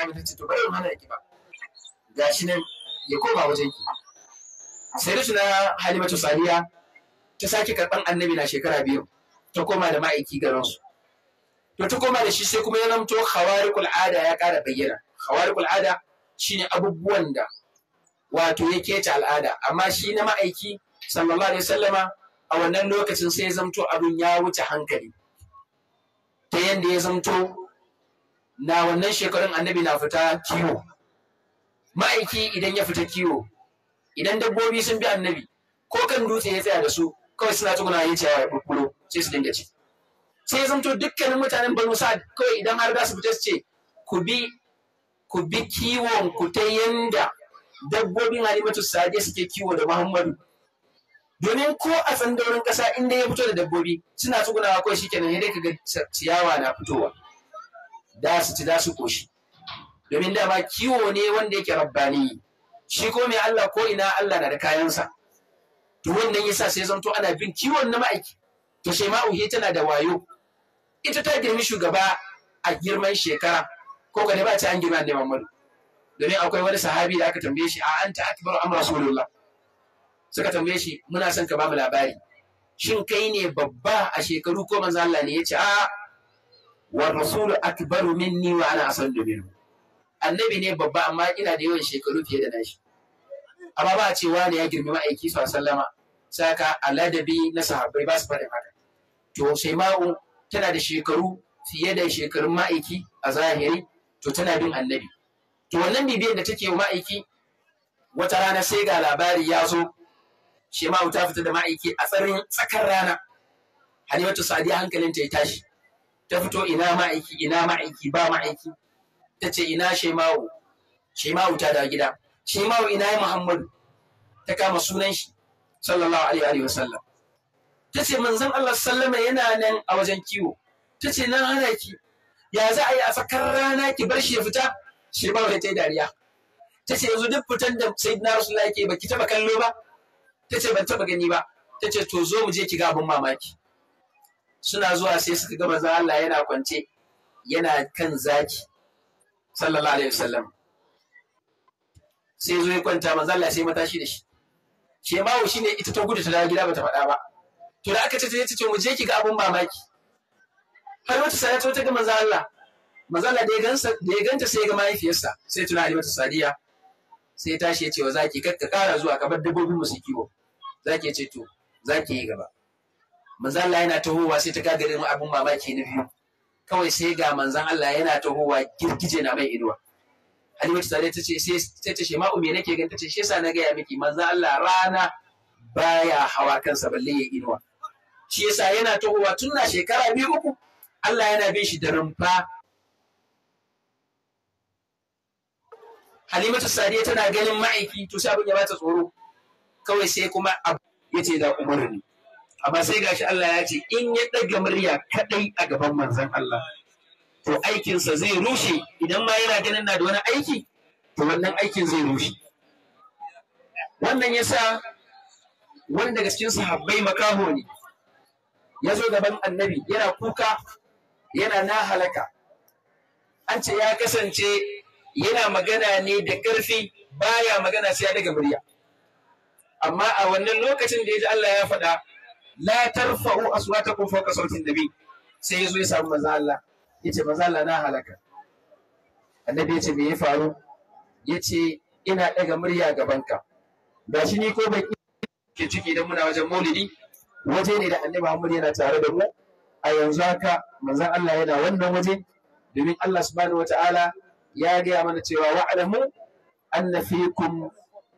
Aisha ta ce hana ki ba gashi nan ya koma wajen ki sai da Halima ta Sadiya ta sake karban annabi na shekara biyu ta koma da ma'aiki garin su to ta koma da shi sai kuma ya zamto khawariqul ada ya ƙara bayyana khawariqul ada shine abubuwan da wato ya keta al'ada amma shi na ma'aiki sallallahu alaihi wasallama a wannan lokacin sai ya zamto abin ya wuce hankali ta yadda ya zamto na wannan shekarun annabi na fita kiwo ma'aiki idan ya fita kiwo idan dabbobi sun bi annabi ko kan dutse ya tsaya da su kawai suna tukuna ya ce ya bulbulo sai su dinga ci sai zamto dukkanin mutanen banu sa kawai idan har za su fita su ce ku bi ku bi kiwon ku ta yanda dabbobin halimatu sa'ad suke kiwo da muhammadu domin ko a tsandaurin kasa inda ya fito da dabbobi suna tsugunawa kawai shikenan ya dai kaga ciyawa na fitowa da su ci da su koshi domin dama kiwo ne wanda yake rabbani shi ko mai Allah ko ina Allah na da kayansa to wannan yasa sai zanto ana bin kiwon na ma'aiki to shema he tana da wayo ita ta girmi shugaba a girman shekara ko ga ba ta an girma da Muhammadu domin akwai wani sahabi da aka tambaye shi a anta akbar amr rasulullah suka tambaye shi muna son ka ba mu labari shin kai ne babba a shekaru ko manzo Allah ne yace a wa rasulu akbaru minni wa ana asaddu minhu annabi ne babba amma ina da yawan shekaru fiye da nashi amma ba a ce wani ya girmi ma'aiki a sallama saka aladabi na sahabbai ba su faɗin haka to sai ma'u tana da shekaru fiye da shekarun ma'aiki a zahiri to tana bin annabi to wannan bibiyar da take wa ma'aiki wata rana sai ga labari ya zo shema'u ta fita da ma'aiki a tsarin tsakar rana ta Sadiya hankalin ta ya tashi ta fito ina ma'aiki ina ma'aiki ba ma'aiki ta ce ina shema'u shema'u ta da gida shema'u ina ya muhammadu ta kama sunan shi sallallahu alaihi wa sallam ta ce manzon Allah sallama yana nan a wajen kiwo ta ce nan hana ki ya za a yi a tsakar rana ki bar shi ya fita shema'u ta yi dariya ta ce yanzu duk fitan da sayyidina rasulullahi ke baki taba kallo ba ta ce ban taba gani ba ta ce to zo mu je ki ga abin mamaki suna zuwa sai suka ga manzon Allah yana kwance yana kan zaki sallallahu alaihi wasallam sai zo ya kwanta manzon Allah sai matashi da shi shemawo shine ita ta gudu ta dawo gida bata faɗa ba to da aka ce ta ce mu je ki ga abun mamaki har wata sai ta ga manzon Allah manzon Allah da ya ganta da ya ganta sai ya ga mahaifiyarsa sai tuna Ali mata sadiya sai tashi ya ce wa zaki ka kara zuwa ka bar dabbobin mu su kiwo zaki ya ce to zaki yi gaba manzan Allah yana tahowa sai ta gagare mu abin mamaki na biyu kawai sai ga manzan Allah yana tahowa girgije na mai inuwa Halimatu Sare ta ce sai ta ce ma ume nake gan ta ce shi yasa na gaya miki manzan Allah rana baya hawa kansa balle ya inuwa shi yasa yana tahowa tun na shekara biyu uku Allah yana bin shi da rumfa Halimatu Sadiya tana ganin ma'aiki to sai abin ya bata tsoro kawai sai kuma ya yace da umarni amma sai gashi Allah ya ce in ya ɗaga murya kaɗai a gaban manzan Allah to aikinsa zai rushe idan ma yana ganin na da wani aiki to wannan aikin zai rushe wannan yasa wanda daga cikin sahabbai makaho ne ya zo gaban annabi yana kuka yana na halaka an ce ya kasance yana magana ne da ƙarfi baya magana sai ya daga murya amma a wannan lokacin da ya ji Allah ya faɗa la tarfa'u aswatakum fawqa sautin nabi sai yazo ya samu manzo Allah yace manzo Allah na halaka annabi yace me ya faru yace ina daga murya gaban ka gashi ni ko ban ke ciki idan muna wajen maulidi waje ne da annabi Muhammad yana tare da mu a yanzu haka manzan Allah yana wannan waje domin Allah subhanahu wataala ya gaya mana cewa wa'lamu anna fikum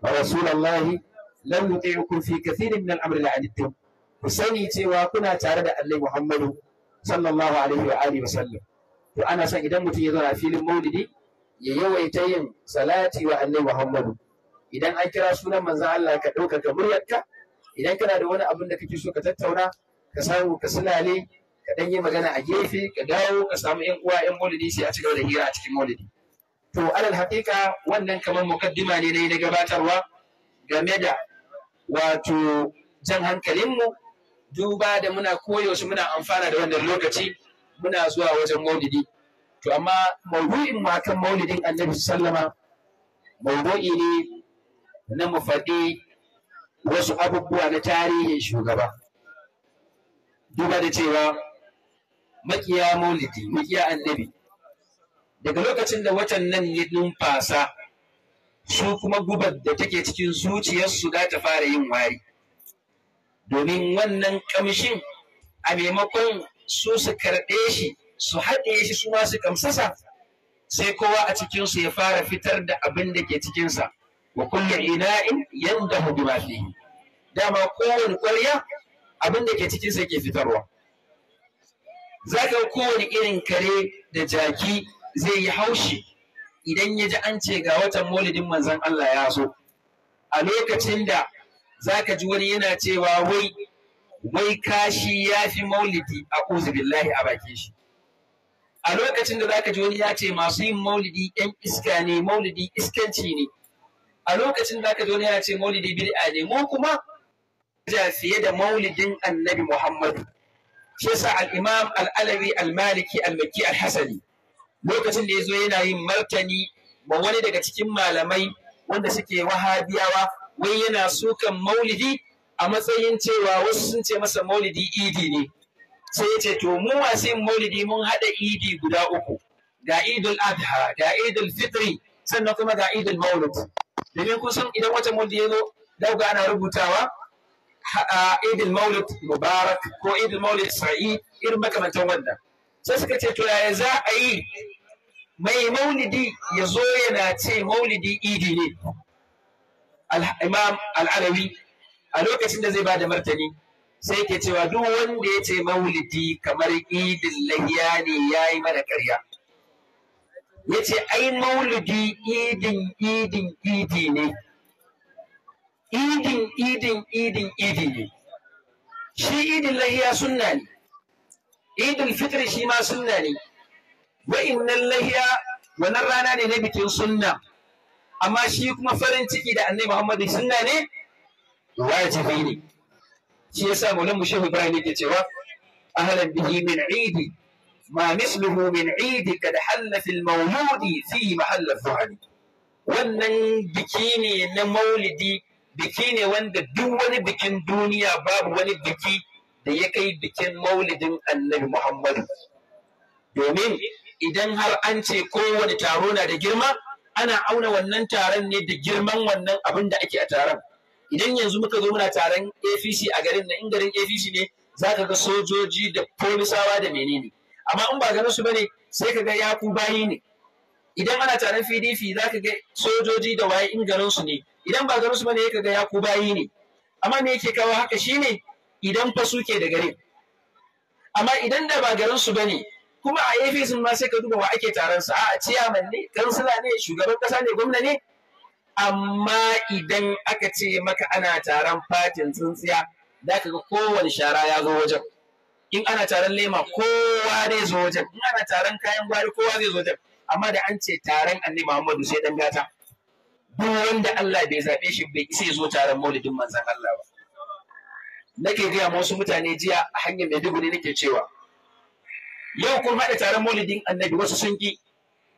rasulullahi lam yuti'ukum fi kathirin min al-amri la'anittum ku sani cewa kuna tare da Allah Muhammadu sallallahu alaihi wa alihi wasallam to ana son idan mutum ya zo a filin maulidi ya yawaita yin salati wa Allah Muhammadu idan an kira sunan manzon Allah ka ɗaukaka muryarka idan kana da wani abin da kake so ka tattauna ka samu ka sulale ka ɗan yi magana a gefe ka dawo ka samu yan uwa yan maulidi sai a ci gaba da hira a cikin maulidi to alal haƙiƙa wannan kamar mukaddima ne na gabatarwa game da wato jan hankalinmu duba da muna koyaushe muna amfana da wannan lokaci muna zuwa wajen maulidi to amma maudu'in mu akan maulidin annabi sallama maudu'i ne na mu wasu abubuwa na tarihin shugaba duba da cewa makiya maulidi makiya annabi daga lokacin da watan nan ya numfasa su kuma gubar da take cikin zuciyarsu za ta fara yin wari domin wannan kamshin a maimakon su su karɓe shi su haɗe shi su masu kamsasa sai kowa a cikinsu ya fara fitar da abin da ke cikinsa wa kulle ina'in hudu ma fi dama kowane ƙwarya abin da ke cikinsa ke fitarwa za ka kowane irin kare da jaki zai yi haushi idan ya ji an ce ga watan maulidin manzon Allah ya so a lokacin da za ka ji wani yana cewa wai wai kashi ya fi maulidi a billahi a bakin shi a lokacin da za ka ji wani ya ce masu yin maulidi yan iska ne maulidi iskanci ne a lokacin da za ka ji wani ya ce maulidi bid'a ne mu kuma ja fiye da maulidin annabi muhammadu shi yasa al-imam al-alawi al-maliki al-makki al-hasani lokacin da ya zo yana yin martani ma wani daga cikin malamai wanda suke wahabiyawa wai yana sukan maulidi a matsayin cewa wasu sun ce masa maulidi idi ne sai ya ce to mu masu yin maulidi mun haɗa idi guda uku ga idul adha ga idul fitri sannan kuma ga idul maulid domin kusan idan wata maulidi ya zo dauga ana rubutawa idul maulid mubarak ko idul maulid sa'i irin makamantan wannan sai suka ce to yaya za a yi mai maulidi ya zo yana ce maulidi idi ne imam al'arabi a lokacin da zai ba da martani sai ke cewa duk wanda ya ce maulidi kamar idin lahiya ne ya yi mana karya ya ce ai maulidi idin idin idi ne idin idin idin idi ne shi idin lahiya sunna ne idin fitri shi ma sunna ne wa'innan lahiya wannan rana ne na bikin sunna amma shi kuma farin ciki da annabi Muhammadu sunna ne wajibi ne shi yasa maulan mu shehu Ibrahim yake cewa ahlan bihi min idi ma misluhu min idi kad halla fil mawludi fi mahall al wannan biki ne na maulidi biki ne wanda duk wani bikin duniya babu wani biki da ya kai bikin maulidin annabi Muhammadu domin idan har an ce kowane taro na da girma ana auna wannan taron ne da girman wannan abin da ake a taron idan yanzu muka zo muna taron APC a garin na in garin APC ne za ka ga sojoji da polisawa da menene amma in ba ganin su bane sai ka ga yaku bayi ne idan ana taron PDP za ka ga sojoji da waye in ganin su ne idan ba ganin su bane ka ga yaku bayi ne amma me yake kawo haka shine idan fa suke da garin amma idan da ba garin su bane kuma a efesin ma sai ka duba wa ake taron su a ciyaman ne kansila ne shugaban kasa ne gwamna ne amma idan aka ce maka ana taron fatin tsintsiya da ka ga kowane shara ya zo wajen in ana taron lema kowa zai zo wajen in ana taron kayan gwari kowa zai zo wajen amma da an ce taron annabi Muhammadu sai dan gata duk wanda Allah bai zabe shi bai isa zo taron maulidin manzon Allah ba nake gaya ma wasu mutane jiya a hanyar Maiduguri nake cewa yau kun haɗa taron maulidin annabi wasu sun ki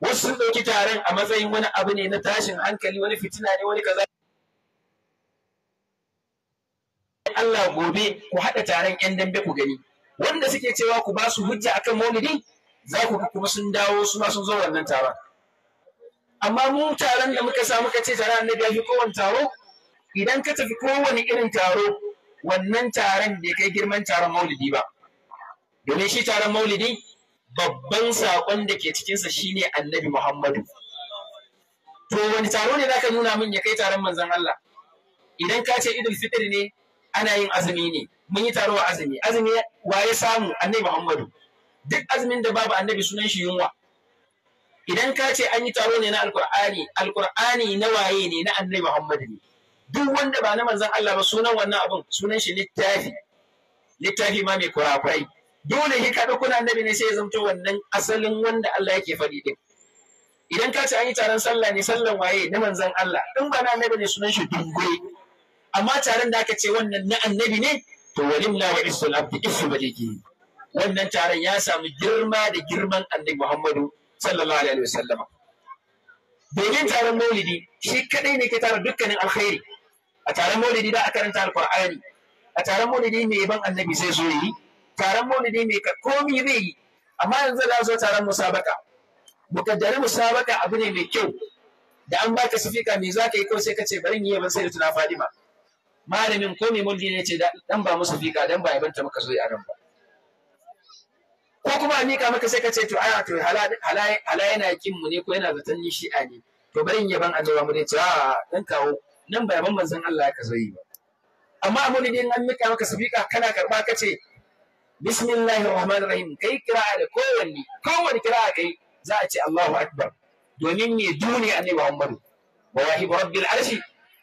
wasu sun ɗauki taron a matsayin wani abu ne na tashin hankali wani fitina ne wani kaza Allah gobe ku haɗa taron ƴan dambe ku gani wanda suke cewa ku ba su hujja akan maulidin za ku ga kuma sun dawo su ma sun zo wannan taron amma mu taron da muka samu ka ce taron annabi ya fi kowane taro idan ka tafi kowane irin taro wannan taron bai kai girman taron maulidi ba domin shi taron maulidi babban saƙon da ke cikinsa shine annabi Muhammadu. To wani taro ne zaka nuna min ya kai taron manzon Allah? Idan ka ce idul fitr ne ana yin azumi ne, mun yi taro a azumi, azumi wa ya samu annabi Muhammadu. Duk azumin da babu annabi sunan shi yunwa. Idan ka ce an yi taro ne na Alƙur'ani, Alƙur'ani na waye ne na annabi Muhammadu ne. Duk wanda ba na manzon Allah ba sunan wannan abun sunan shi littafi. Littafi ma mai kurakurai. dole shi ka ɗauko kuna annabi ne sai ya zamto wannan asalin wanda Allah yake faɗi din idan ka ce an yi taron sallah ne sallan waye na manzon Allah in ba na annabi ne sunan shi dungure amma taron da aka ce wannan na annabi ne to walimna wa islam bi isu ba wannan taron ya samu girma da girman annabi Muhammadu sallallahu alaihi wasallam domin taron maulidi shi kadai ne ke tara dukkanin alkhairi a taron maulidi da a karanta alqur'ani a taron maulidi mai ban annabi sai zo yi taron maulidi mai komi zai yi amma yanzu da zo taron musabaka mukaddari musabaka abu ne mai kyau da an baka sifika me zaka yi kawai sai ka ce bari yi ban sai da tuna fadima malamin komi mulki ne ce dan ba musu fika dan ba yabanta maka zo a nan ba ko kuma a mika maka sai ka ce to aya to hala yana kin mu ne ko yana zaton ni shi'a ne to bari yi ban annabawa mu ne ce a dan kawo nan ba yaban manzon Allah ya ka zo yi ba amma a an mika maka sifika kana karba ka ce bismillahir rahmanir rahim kai kira da kowanne kowanne kira'a kai za a ce Allahu akbar domin ne duni annabi Muhammadu wa wahib rabbil arshi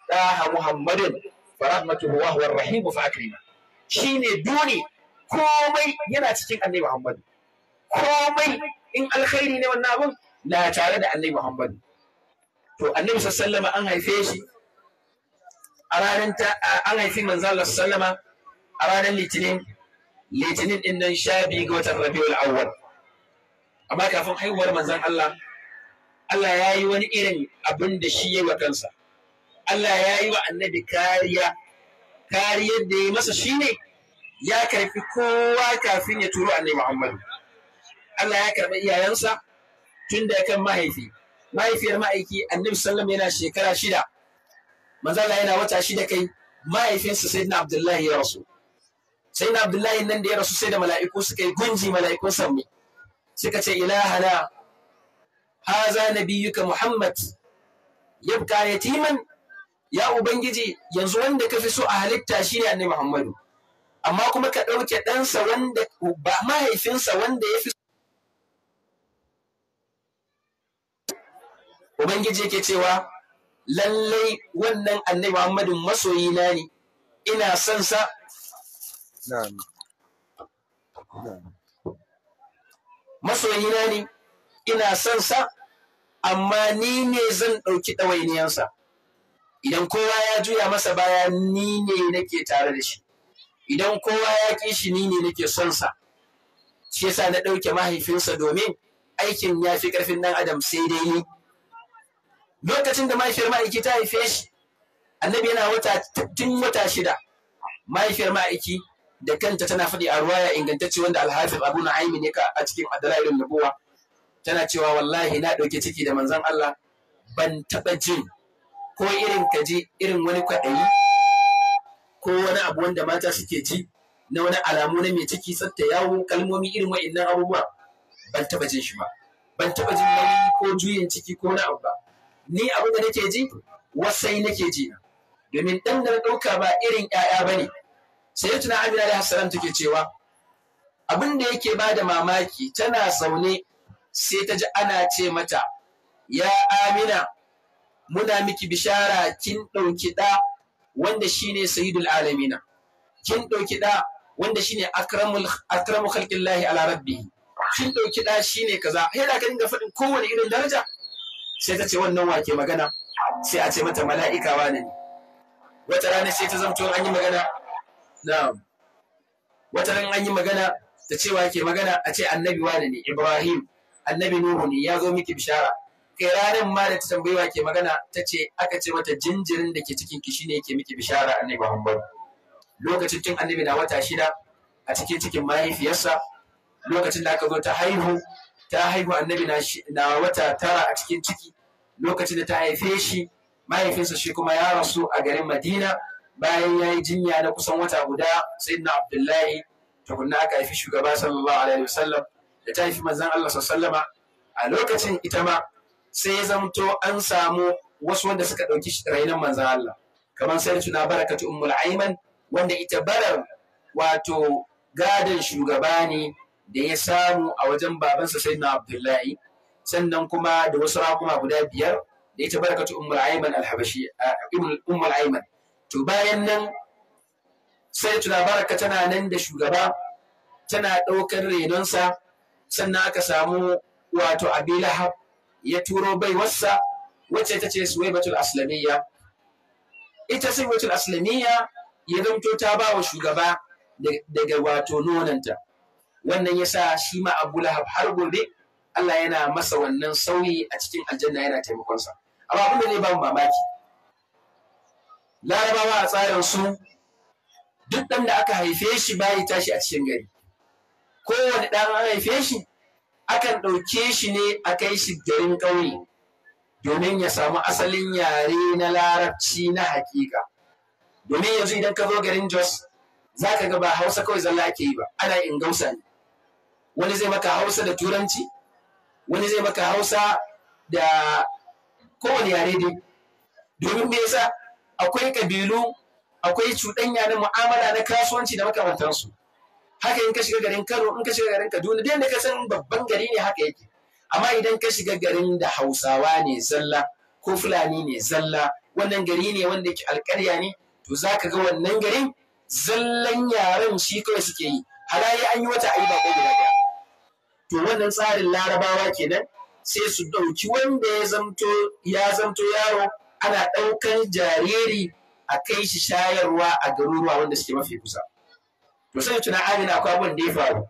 daha Muhammadin wa rahmatuhu wa huwa rahim fa akrima shine duni komai yana cikin annabi Muhammadu komai in alkhairi ne wannan abun na tare da annabi Muhammadu to annabi sallama an haife shi haifi manzo a ranar litinin litinin din nan sha biyu ga watan rabiul awwal amma kafin haihuwar manzon Allah Allah ya yi wani irin abin da shi yi wa kansa Allah ya yi wa annabi kariya kariyar da ya masa shi ne ya karfi kowa kafin ya turo annabi Muhammadu Allah ya karɓi iyayensa tun da kan mahaifi mahaifiyar ma'aiki annabi sallam yana shekara shida Manzan Allah yana wata shida kai mahaifinsa sayyidina Abdullahi ya rasu sai na abdullahi nan da ya rasu sai da mala'iku suka yi gunji mala'ikun sammi suka ce ilahana haza nabiyyuka muhammad yabka yatiman ya ubangiji yanzu wanda ka fi so a halitta shi ne annabi muhammadu amma kuma ka ɗauke ɗansa wanda ba mahaifinsa wanda ya fi Ubangiji yake cewa lallai wannan annabi Muhammadu masoyina ne ina son sa masoyina ne ina son sa amma ni ne zan ɗauki ɗawainiyansa idan kowa ya juya masa baya ni ne nake tare da shi idan kowa ya ƙi shi ni ne nake son sa shi yasa na ɗauke mahaifinsa domin aikin ya fi ƙarfin ɗan adam sai dai ni lokacin da mahaifiyar ma'aiki ta haife shi annabi yana wata tun wata shida mahaifiyar ma'aiki da kanta tana faɗi a ruwaya ingantacce wanda alhafiz abu na ne a cikin adalailun nabuwa tana cewa wallahi na ɗauke ciki da manzan Allah ban taɓa jin ko irin kaji irin wani kwaɗayi ko wani abu wanda mata suke ji na wani alamu na mai ciki tsatta yawo kalmomi irin wa'innan abubuwa ban taɓa jin shi ba ban taɓa jin nauyi ko juyin ciki ko wani abu ba ni abu da nake ji wasai nake ji domin ɗan da na ɗauka ba irin 'ya'ya ba ne sai tuna amina da salam take cewa abin da yake ba da mamaki tana zaune sai ta ji ana ce mata ya amina muna miki bishara kin ɗauki ɗa wanda shine sayyidul alamina kin ɗauki ɗa wanda shine akramul akramu khalqillahi ala rabbih kin ɗauki ɗa shine kaza sai da ka dinga faɗin kowane irin daraja sai ta ce wannan wake magana sai a ce mata mala'ika wane ne wata rana sai ta zamto an yi magana na'am wata ran an yi magana da cewa ke magana a ce annabi wani ne ibrahim annabi nuhu ne ya zo miki bishara kai ranar ma da ta tambayewa ke magana ta ce aka ce mata jinjirin da ke cikin kishi ne yake miki bishara annabi muhammad lokacin tun annabi na wata shida a cikin cikin mahaifiyarsa lokacin da aka zo ta haihu ta haihu annabi na wata tara a cikin ciki lokacin da ta haife shi mahaifinsa shi kuma ya rasu a garin madina bayan ya yi jinya na kusan wata guda sayyidina abdullahi tukunna aka haifi shugaba sallallahu alaihi wasallam da ta haifi manzon Allah sallama a lokacin ita ma sai ya zamto an samu wasu wanda suka ɗauki rainon manzon Allah kamar sarjuna barakatu ummul aiman wanda ita barar wato gadon shugaba ne da ya samu a wajen babansa sayyidina abdullahi sannan kuma da wasu rakuma guda biyar da ita barakatu ummul aiman aiman to bayan nan sai tuna baraka tana nan da shugaba tana ɗaukar renonsa sannan aka samu wato lahab ya turo baiwarsa wacce ta ce batul aslamiyya ita sai batul aslamiyya ya zamto ta ba wa shugaba daga wato nonanta wannan ya sa shi ma abu lahab har gobe Allah yana masa wannan sauyi a cikin aljanna yana taimakonsa amma abin da ne ba mamaki larabawa a tsarin duk ɗan da aka haife shi bayi tashi a cikin gari kowane ɗan an haife shi akan ɗauke shi ne a kai shi garin ƙauye domin ya samu asalin yare na larabci na hakika domin yanzu idan ka zo garin jos za ka ga ba hausa kawai zalla ake yi ba ana ingausa ne wani zai maka hausa da turanci wani zai maka hausa da kowane yare dai domin me yasa akwai kabilu akwai cuɗanya na mu'amala na kasuwanci da makamantansu haka in ka shiga garin Kano in ka shiga garin Kaduna duk da ka san babban gari ne haka yake amma idan ka shiga garin da Hausawa ne zalla ko Fulani ne zalla wannan gari ne wanda ke alƙarya ne to za ka ga wannan garin zallan yaren shi kawai suke yi halaye an yi wata ayi ba guda ɗaya to wannan tsarin larabawa kenan sai su ɗauki wanda ya zamto ya zamto yaro ana ɗaukar jariri a kai shi shayarwa a garuruwa wanda suke mafi kusa to tuna amina akwai abin da ya faru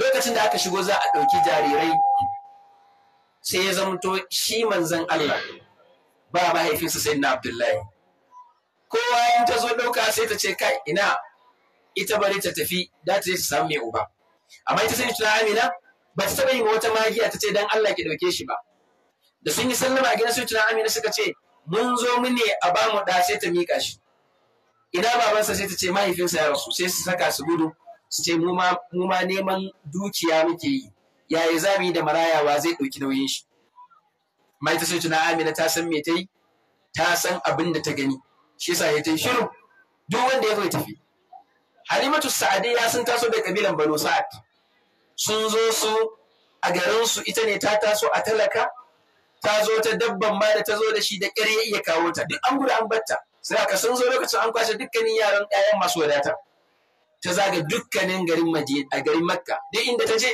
lokacin da aka shigo za a ɗauki jarirai sai ya zamto shi manzan Allah ba mahaifinsa sai na Abdullahi kowa yin ta zo ɗauka sai ta ce kai ina ita bari ta tafi da ta samu mai uba amma ita sai tuna amina ba ta taɓa yin wata magiya ta ce dan Allah ki ɗauke shi ba da sun yi sallama a gidan su amina suka ce mun zo mu ne a ba mu da ta mika shi ina babansa sai ta ce mahaifinsa ya rasu sai su saka su gudu su ce mu ma neman dukiya muke yi yaya za mu yi da marayawa zai ɗauki nauyin shi mai ta sai amina ta san me ta yi ta san abin da ta gani shi yasa ya ta shiru duk wanda ya zo ya tafi halimatu Sa'adi ya sun taso da kabilan banu sa'ad sun zo su a garin su ita ne ta taso a talaka ta zo ta dabban ma da ta zo da shi da ƙyar ya iya kawo ta duk an gudu an batta sai aka sun zo lokacin an kwashe dukkanin yaran ƴaƴan masu wadata ta zaga dukkanin garin Madina a garin Makka duk inda ta je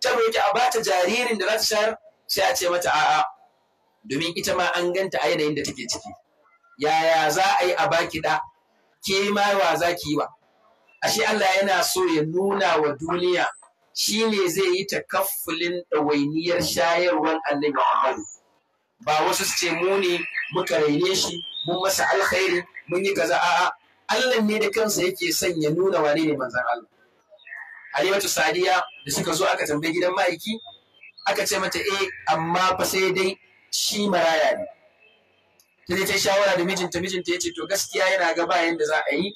ta roki a bata jaririn da za ta shayar sai a ce mata a'a domin ita ma an ganta a yanayin da take ciki yaya za a yi a baki da ke ma wa za ki yi wa ashe Allah yana so ya nuna wa duniya shi ne zai yi takaffulin ɗawainiyar shayarwar annabi Muhammadu ba wasu su ce mu ne muka raine shi mun masa alkhairi mun yi kaza a'a Allah ne da kansa yake son ya nuna wane ne manzon Allah Halimatu Sadiya da suka zo aka tambayi gidan ma'aiki aka ce mata eh amma fa sai dai shi maraya ne ta je ta shawara da mijinta mijinta ya ce to gaskiya yana ga bayan yanda za a yi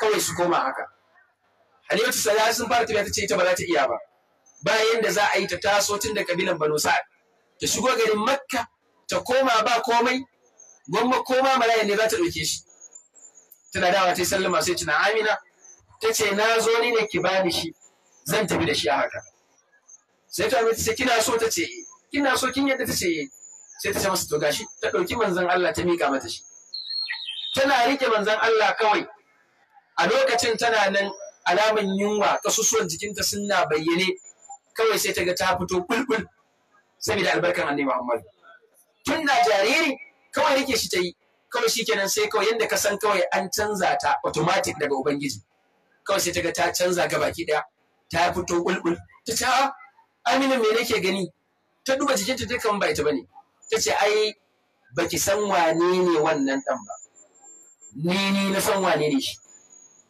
kawai su koma haka Halimatu Sadiya sun fara tafiya ta ce ita ba za ta iya ba bayan da za a yi ta taso tun da kabilan Banu Sa'ad ta shigo garin Makka ta koma ba komai gwamma koma malayan ne za ta ɗauke shi tana dawa ta yi sallama sai tuna amina ta ce na zo ni ne ki bani shi zan tafi da shi a haka sai ta amince sai kina so ta ce eh. kina so kin yadda ta ce eh. sai ta ce masa to gashi ta ɗauki manzon Allah ta miƙa mata shi tana rike manzon Allah kawai a lokacin tana nan alaman yunwa kasusuwan jikinta suna bayyane kawai sai ta ga ta fito kulkul saboda albarkan annabi Muhammad tun na jariri kawai yake shi ta yi kawai shi kenan sai kawai yadda ka san kawai an canza ta automatic daga ubangiji kawai sai ta ga ta canza ga baki daya ta fito bulbul ta ce a ah, amina me nake gani ta duba jikinta ta dukkan bai ta bane ta ce ai baki san wane ne wannan dan ba ni ni na san wane ne shi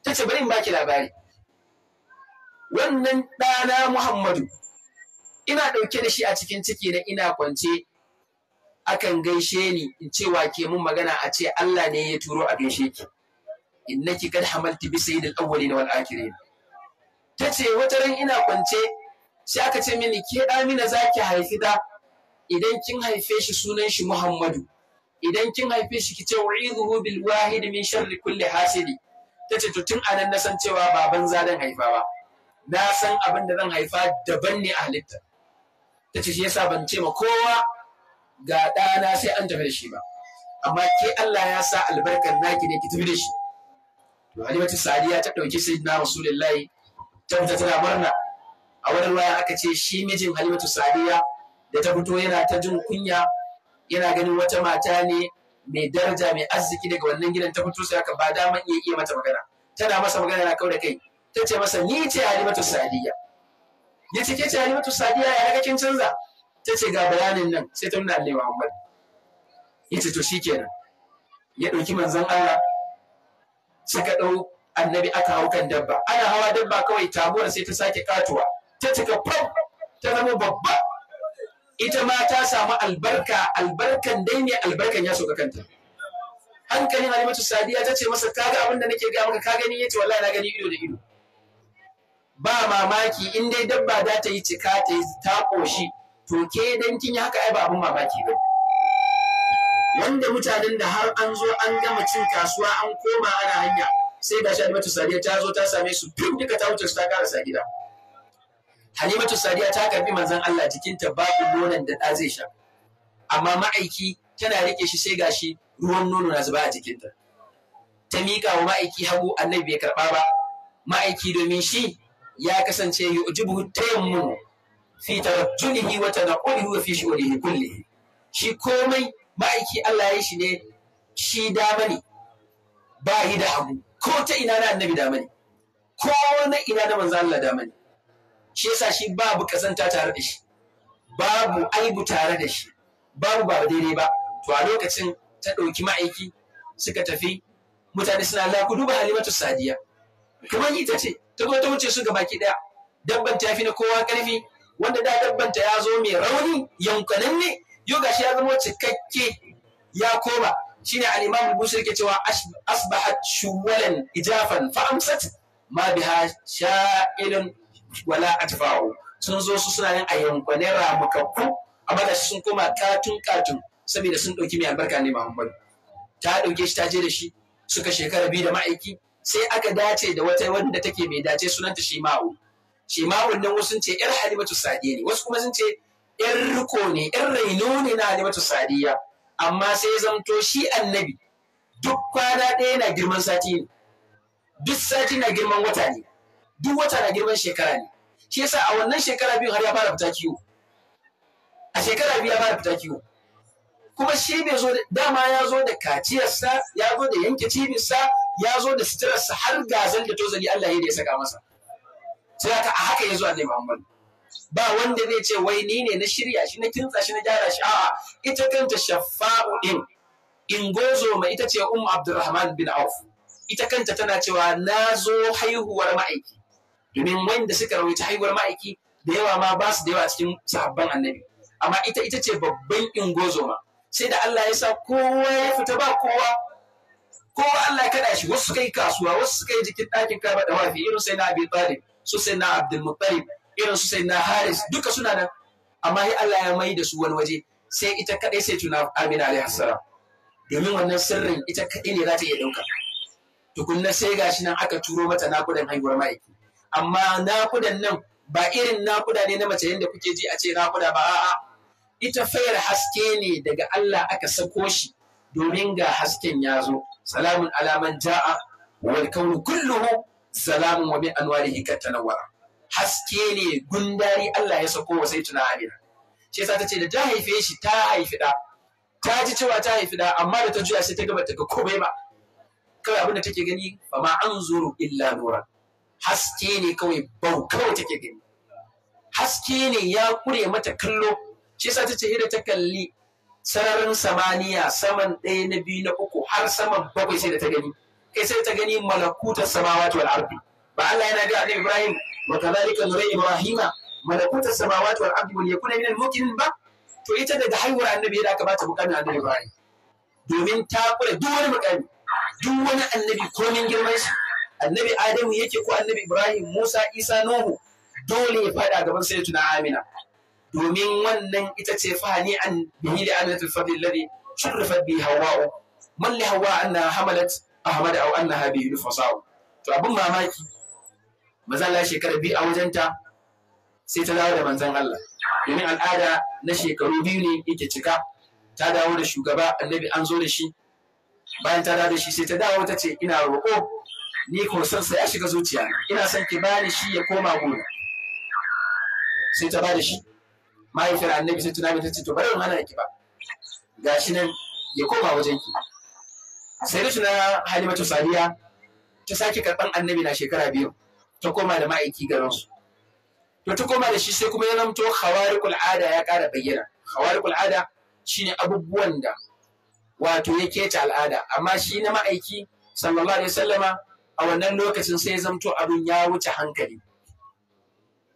ta ce bari in baki labari wannan ɗana Muhammadu ina ɗauke da shi a cikin ciki na ina kwance akan gaishe ni in ce wa ke mun magana a ce Allah ne ya turo a gaishe ki innaki kad hamalti bi sayyidil awwalin wal akhirin tace wata ran ina kwance sai aka ce mini ke da mina zaki haifi da idan kin haife shi sunan shi Muhammadu idan kin haife shi kice wa'izuhu bil wahid min sharri kulli hasidi tace to tun anan na san cewa baban zadan haifa ba na san abin da zan haifa daban ne a halitta tace shi yasa ban ce ma kowa ga ɗana sai an tafi da shi ba amma ke Allah ya sa albarkar naki ne ki tafi da shi to halimatu sadiya ta ɗauki sayyidina rasulullahi ta fita tana murna a wani waya aka ce shi mijin halimatu sadiya da ta fito yana ta jin kunya yana ganin wata mata ne mai daraja mai arziki daga wannan gidan ta fito sai aka ba iya iya mata magana tana masa magana na kawai da kai ta ce masa ni ce halimatu sadiya ya ce ke ce halimatu sadiya ya ga kin canza ta ce ga bayanin nan sai ta nuna Allah Muhammad ya ce to shikenan ya ɗauki manzon Allah suka ɗau annabi aka hau kan dabba ana hawa dabba kawai taguwar sai ta sake katuwa ta cika fam ta zama babba ita ma ta samu albarka albarkan dai ne albarkan ya soka kanta hankalin halimatu sadiya ta ce masa kaga abin da nake gaya maka ka gani yace wallahi na gani ido da ido ba mamaki in dai dabba za ta yi cika ta yi ta koshi to ke dan kin haka ai ba abun mamaki ba wanda mutanen da har an zo an gama cin kasuwa an koma ana hanya sai ga shi Halimatu Sadiya ta zo ta same su duk duka ta wuce su ta karasa gida Halimatu Sadiya ta karbi manzon Allah jikinta babu nonon da ta zai sha amma ma'aiki tana rike shi sai gashi ruwan nono na zuba a jikinta ta mika wa ma'aiki hagu annabi bai karɓa ba ma'aiki domin shi ya kasance yujibu tayammum fi tarajjulihi wa tanaqulihi fi shughlihi kullihi shi komai ma'aiki Allah ya shi ne shi dama ne ba yi da ko ta ina na annabi dama ne ko na ina da manzo Allah dama ne shi yasa shi babu kasanta tare da shi babu aibu tare da shi babu ba daidai ba to a lokacin ta ɗauki ma'aiki suka tafi mutane suna Allah ku duba halimatu sadiya kamar ita ce ta ta wuce su ga baki ɗaya dabban tafi na kowa karfi wanda da dabbanta ya zo mai rauni yankananne yau gashi ya zama cikakke ya koma shine al-imam bushir ke cewa asbahat shuwalan ijafan fa amsat ma biha sha'ilun wala atfa'u sun zo su suna yin a yankwane ramukakku amma da sun koma katun katun saboda sun ɗauki mai albarka ne muhammadu ta ɗauke shi ta je da shi suka shekara biyu da ma'aiki sai aka dace da wata wanda take mai dace sunanta shima'u shi ma wannan wasu ce yar halimatu sadiya ne wasu kuma sun ce yar riko ne yar raino ne na halimatu sadiya amma sai zamto shi annabi duk kwana ɗaya na girman sati ne duk sati na girman wata ne duk wata na girman shekara ne shi yasa a wannan shekara biyu har ya fara fita kiwo a shekara biyu ya fara fita kiwo kuma shi bai zo dama ya zo da kaciyarsa ya zo da yanke cibinsa ya zo da suturarsa har gazan da tozali Allah ya da ya saka masa sai a haka ya zo annabi Muhammad ba wanda zai ce wai ni ne na shirya shi na kintsa shi na gyara shi a'a ita kanta shaffa'u din gozo ma ita ce um abdurrahman bin auf ita kanta tana cewa na zo haihuwar ma'aiki domin wanda suka rawaita haihuwar ma'aiki da yawa ma ba su da yawa cikin sahabban annabi amma ita ita ce babban Ingozoma, ma sai da Allah ya sa kowa ya fita ba kowa kowa Allah ya kada shi wasu kai kasuwa wasu kai jikin ɗakin kaba da wafi irin sai na abi talib su sai na abdulmuttalib irin su sai na haris duka suna nan amma sai Allah ya mai da su wani waje sai ita kadai sai tuna amina alaihi assalam domin wannan sirrin ita kadai ne za ta iya dauka tukunna sai gashi nan aka turo mata nakudan haihuwar ma'aiki amma nakudan nan ba irin nakuda ne na mace yadda kuke ji a ce nakuda ba a'a ita fayar haske ne daga Allah aka sako shi domin ga hasken ya zo salamun alaman ja'a wal kaunu kulluhu salamun wa min anwarihi katanawara haske ne gundari Allah ya sako wa sai tuna amina shi yasa tace da ta haife shi ta haifi da ta ji cewa ta haifi da amma da ta juya sai ta gaba ta ga komai ba kai abin da take gani fa ma anzuru illa nuran haske ne kawai bau kawai take gani haske ne ya kure mata kallo shi yasa tace idan ta kalli sararin samaniya saman ɗaya na biyu na uku har saman bakwai sai da ta gani kai sai ta gani malakutar samawati wal ardi ba Allah yana ga annabi Ibrahim wa kadhalika nuri Ibrahima malakutar samawati wal ardi wal yakuna minal mukminin ba to ita daga haihuwar annabi ya ka bata bukatar annabi Ibrahim domin ta kula duk wani mukami duk wani annabi min girman shi annabi Adamu yake ko annabi Ibrahim Musa Isa Nuhu dole ya fada gaban sai tuna Amina domin wannan ita ce fahani an bihi da annatul fadl ladhi shurrifat bi hawa'u man li hawa anna hamalat ahmad aw Anna, bi nufasaw to abin mamaki manzon Allah shekara biyu a wajenta sai ta dawo da manzon Allah domin al'ada na shekaru biyu ne yake cika ta dawo da shugaba annabi an zo da shi bayan ta dawo da shi sai ta dawo ta ce ina roƙo ni ko san sai ya shiga zuciya ina son ki bani shi ya koma gona sai ta bada shi mahaifiyar annabi sai tunani ta ce to bari in hana ki ba gashi nan ya koma wajen ki sai da Halima halimatu Saniya ta sake karɓan annabi na shekara biyu ta koma da ma'aiki ransu, to ta koma da shi sai kuma ya zamto khawariqul ada ya ƙara bayyana khawariqul ada shine abubuwan da wato ya kece al'ada amma shi na ma'aiki sallallahu alaihi wasallama a wannan lokacin sai ya zamto abin ya wuce hankali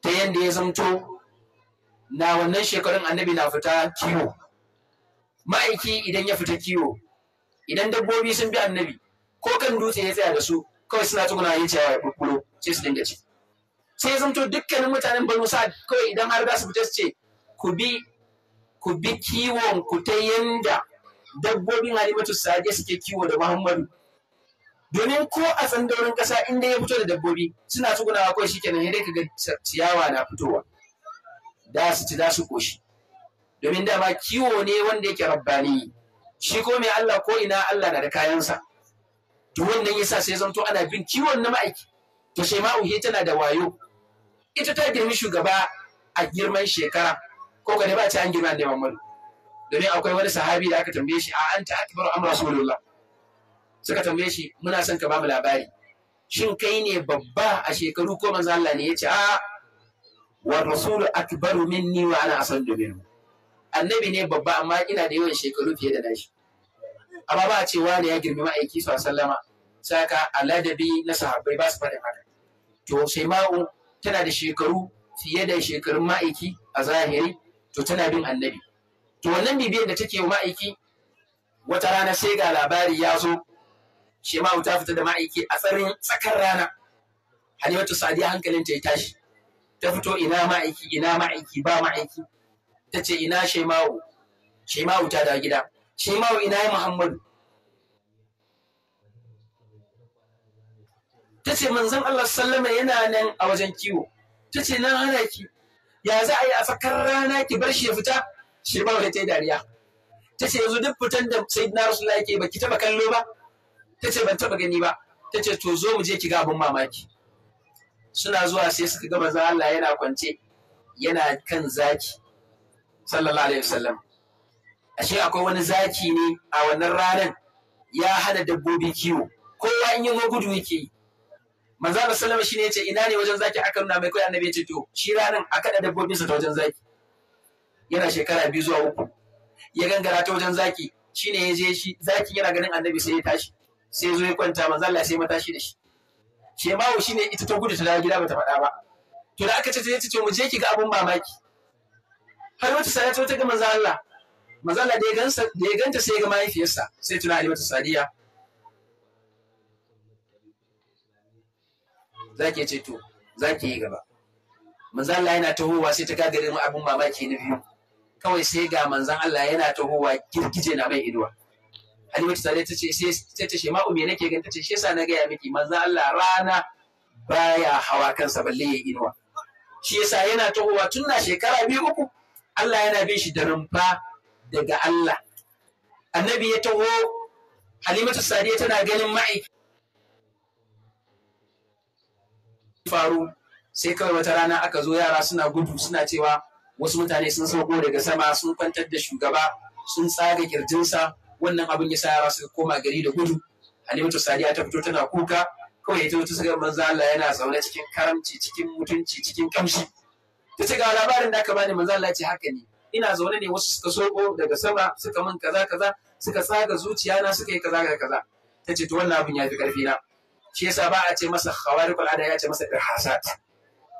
ta yanda ya zamto na wannan shekarun annabi na fita kiwo ma'aiki idan ya fita kiwo idan dabbobi sun bi annabi ko kan dutse ya tsaya da su kawai suna tsuguna yin ciyawa ya kurkuro sai su dinga ci sai zamto dukkanin mutanen banu sa kawai idan har za su fita su ce ku bi ku bi kiwon ku ta yanda dabbobin halimatu sa'ad suke kiwo da muhammadu domin ko a tsandaurin kasa inda ya fito da dabbobi suna tsugunawa kawai shikenan sai ka ga ciyawa na fitowa da su ci da su koshi domin dama kiwo ne wanda yake rabbani shi ko mai Allah ko ina Allah na da kayansa to wannan yasa sai zanto ana bin kiwon na ma'aiki to ma uhe tana da wayo ita ta girmi shugaba a girman shekara ko ga ba ta an girma da Muhammadu domin akwai wani sahabi da aka tambaye shi a anta akbaru amra rasulullah suka tambaye shi muna son ka bamu labari shin kai ne babba a shekaru ko manzo Allah ne yace a wa rasul akbaru minni wa ana asaddu minhu annabi ne babba amma ina da yawan shekaru fiye da nashi amma ba a ce wani ya girmi ma'aiki su sallama saka aladabi na sahabbai ba su faɗin haka to sai ma'u tana da shekaru fiye da shekarun ma'aiki a zahiri to tana bin annabi to wannan bibiyar da take ma'aiki wata rana sai ga labari ya zo ma'u ta fita da ma'aiki a tsarin tsakar rana halimatu sadiya ta ya tashi ta fito ina ma'aiki ina ma'aiki ba ma'aiki ta ce ina shema'u shema'u ta da gida shi ma ina ya muhammadu ta ce manzon Allah sallama yana nan a wajen kiwo ta ce nan hana ki ya za a yi a tsakar rana ki bar shi ya fita shi ma ta yi dariya ta ce yanzu duk fitan da sayyidina rasulullah ba ki taba kallo ba ta ce ban taba gani ba ta ce to zo mu je ki ga abin mamaki suna zuwa sai suka ga manzon Allah yana kwance yana kan zaki sallallahu alaihi wasallam ashe akwai wani zaki ne a wannan ranar ya hana dabbobi kiwo kowa in yi zo gudu yake yi manzo Allah ne shine yace ina ne wajen zaki aka nuna mai kai annabi yace to shi ranar aka da dabbobin sa ta wajen zaki yana shekara biyu zuwa uku ya gangara ta wajen zaki shine ya je shi zaki yana ganin annabi sai ya tashi sai ya zo ya kwanta manzo Allah sai ya matashi da shi shi shine ita ta gudu ta dawo gida bata faɗa ba to da aka ce ta ce mu je ki ga abun mamaki har wata sai ta ga manzo Allah mazala da ya ganta sai ga mahaifiyarsa sai tuna alimatu sadiya zaki ce to zaki yi gaba manzan Allah yana tahowa sai ta kagare mu abin mamaki na biyu kawai sai ga manzan Allah yana tahowa girgije na mai idowa Halimatu Sadiya ta ce sai ta ce ma'u me nake ganta ce shi yasa na gaya miki manzan Allah rana baya hawa kansa balle ya inuwa shi yasa yana tahowa tun na shekara biyu uku Allah yana bin shi da rumfa daga Allah annabi ya taho halimatu sadiya tana ganin ma'aiki faru sai kawai wata rana aka zo yara suna gudu suna cewa wasu mutane sun sauko daga sama sun kwantar da shugaba sun tsaga kirjinsa wannan abin ya sa yara suka koma gari da gudu halimatu sadiya ta fito tana kuka kawai ita wata suka manzo Allah yana zaune cikin karamci cikin mutunci cikin kamshi ta ce ga labarin da aka bani manzo Allah ce haka ne ina zaune ne wasu suka soko daga sama suka min kaza kaza suka tsaga zuciya na suka yi kaza kaza kaza tace to wannan abin ya fi karfi na shi yasa ba a ce masa khawariqul ada ya ce masa irhasat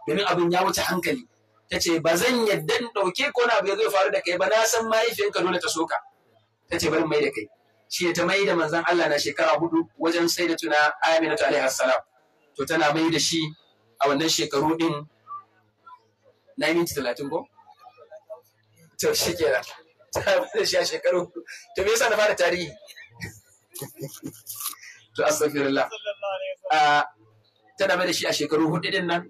domin abin ya wuce hankali tace ba zan yadda in dauke ko na abu ya zai faru da kai ba na san mahaifiyanka dole ta soka tace bari mai da kai shi ta mai da manzon Allah na shekara hudu wajen sai da tuna Aminatu alaihi salam to tana mai da shi a wannan shekaru din 1930 ko to shi kenan ta da shi a shekaru to me yasa na fara tarihi to astaghfirullah a tana bada shi a shekaru hudu din nan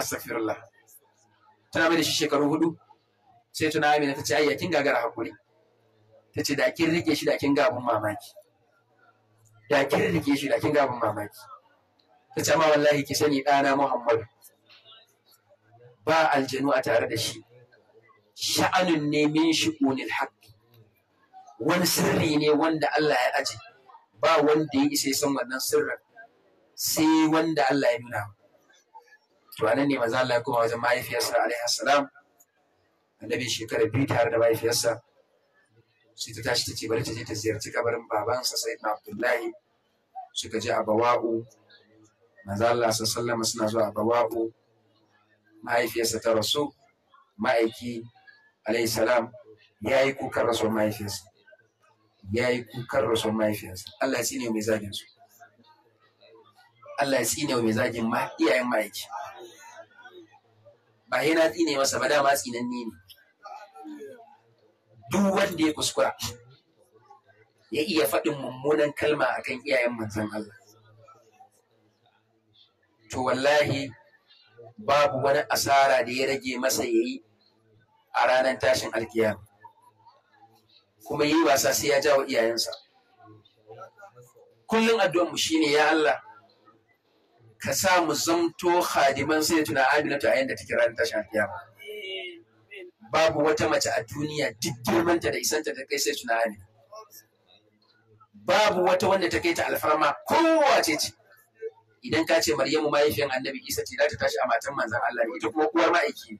astaghfirullah tana bada da shi shekaru hudu sai tuna amina ta ce ayya kin gagara hakuri ta ce da kin rike shi da kin gabin mamaki da kin rike shi da kin gabin mamaki ta ce amma wallahi ki sani ɗana muhammadu ba aljanu a tare da shi sha'anin ne min shi'unil haqqi wani sirri ne wanda Allah ya aje ba wanda ya isa san wannan sirrin sai wanda Allah ya nuna to anan ne maza Allah ya koma wajen mahaifiyarsa alaihi salam annabi shekara biyu tare da mahaifiyarsa sai ta tashi ta ce bari ta je ta ziyarci kabarin babansa sayyidina Abdullahi suka je Bawa'u. Maza Allah sallama suna zuwa Bawa'u. mahaifiyarsa ta rasu ma'aiki alayhi salam ya yi kukan rasuwar mahaifiyarsa. ya yi kukan rasuwar mahaifiyarsa Allah ya tsine mai zagin su Allah ya tsine mai zagin ma iyayen ma'aiki ba yana tsine masa ba dama tsinanni ne duk wanda ya kuskura ya iya faɗin mummunan kalma akan iyayen manzon Allah to wallahi babu wani asara da ya rage masa yayi a ranar tashin alkiyama kuma yi wasa sai ya jawo iyayensa kullum addu'anmu shine ya Allah ka sa mu zamto khadiman sai tuna aminatu a yanda take ranar tashin alkiyama babu wata mace a duniya duk ta da isanta ta kai sai tuna amina babu wata wanda ta kai ta alfarma kowace ce idan ka ce maryamu mahaifiyan annabi isa ce za ta tashi a matan manzan Allah ita kuma kowa ma'aiki ne.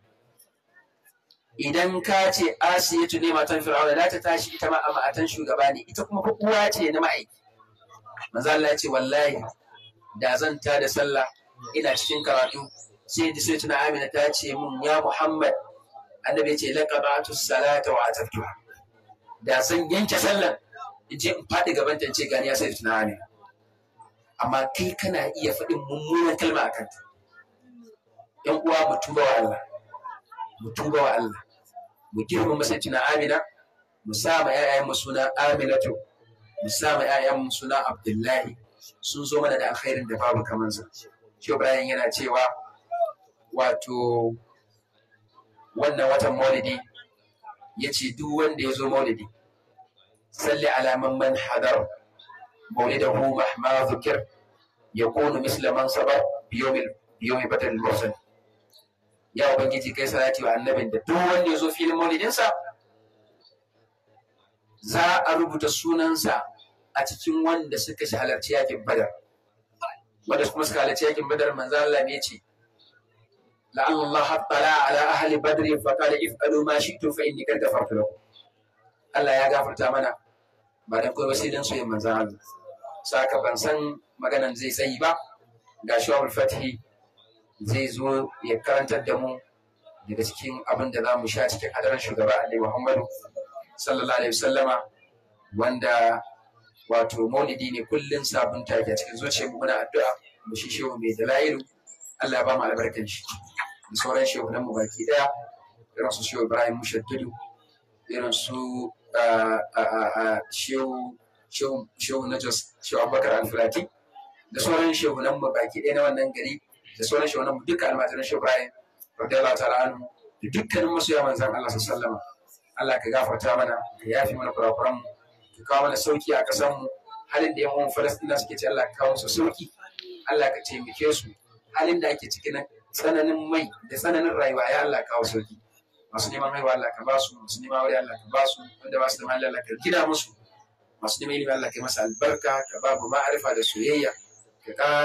idan ka ce asiyatu ne matan fir'auna za ta tashi ita ma a matan shugaba ne ita kuma uwa ce na ma'aiki manzo Allah ya ce wallahi da zan ta da sallah ina cikin karatu sai ji sai tuna Amina ta ce mun ya Muhammad annabi ya ce laqabatu salata wa atatuha da san yanke Sallah in je in faɗi gaban ta ce gani ya sai tuna Amina amma kai kana iya faɗin mummunan kalma a kanta ‘yan uwa mu tuba Allah mu tuba Allah mu girma masallacin na amina mu sa ma ƴaƴan mu suna aminatu mu sa ma ƴaƴan mu suna abdullahi sun zo mana da alkhairin da babu kamansa. sa shi yana cewa wato wannan watan maulidi ya ce duk wanda ya zo maulidi salli ala man man hadar maulidahu mahma zukir yakunu misla man sabar biyomi batal mursal ya ubangiji kai salati wa annabin da duk wanda ya zo filin maulidinsa za a rubuta sunansa a cikin wanda suka halarci yakin badar wanda kuma suka halarci yakin badar manzo Allah ne ce la'alla Allah tala ala ahli badri fa qala if'alu ma shi'tum fa inni qad ghafartu lakum Allah ya gafarta mana ba dan kowa sai dan soyayya manzo Allah saka ban san maganan zai tsayi ba ga shawul fathi zai zo ya karantar da mu daga cikin abin da za mu sha cikin hadarin shugaba Ali Muhammadu sallallahu alaihi wasallama wanda wato maulidi ne kullun sabon take cikin zuciyar muna addu'a mu shi shehu mai dalailu Allah ba mu albarkan shi da sauran shehu nan mu baki daya irin su shehu Ibrahim Mushaddadu irin su shehu shehu shehu Najas shehu Abubakar Al-Fulati da sauran shehu nan mu baki daya na wannan gari da sauran shi wannan duka almajiran shi Ibrahim radiyallahu ta'ala anhu da dukkanin masoya manzon Allah sallallahu alaihi Allah ka gafarta mana ka yafi mana kurakuran mu ka kawo mana sauki a kasan mu halin da yan Falastina suke ci Allah ka kawo su sauki Allah ka taimake su halin da ake ciki na tsananin mai da tsananin rayuwa ya Allah kawo sauki masu neman haihuwa Allah ka basu masu neman aure Allah ka basu wanda ba su da mali Allah ka gina musu masu neman ilimi Allah ka yi masa albarka ka ba mu ma'arifa da soyayya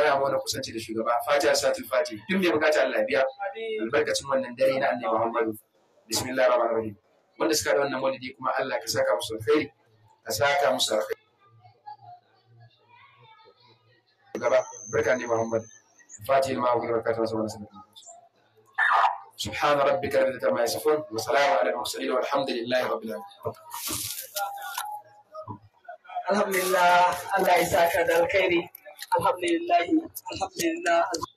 ya mana kusanci da shugaba fatiha satul fatiha duk mai bukata Allah biya albarkacin wannan dare na annabi Muhammadu bismillahir rahmanir rahim wanda suka da wannan maulidi kuma Allah ka saka musu alkhairi ka saka musu alkhairi gaba Muhammad fatiha ma سبحان ربك رب العزة يصفون وسلام على المرسلين والحمد لله رب العالمين alhamdulillah alhamdulillah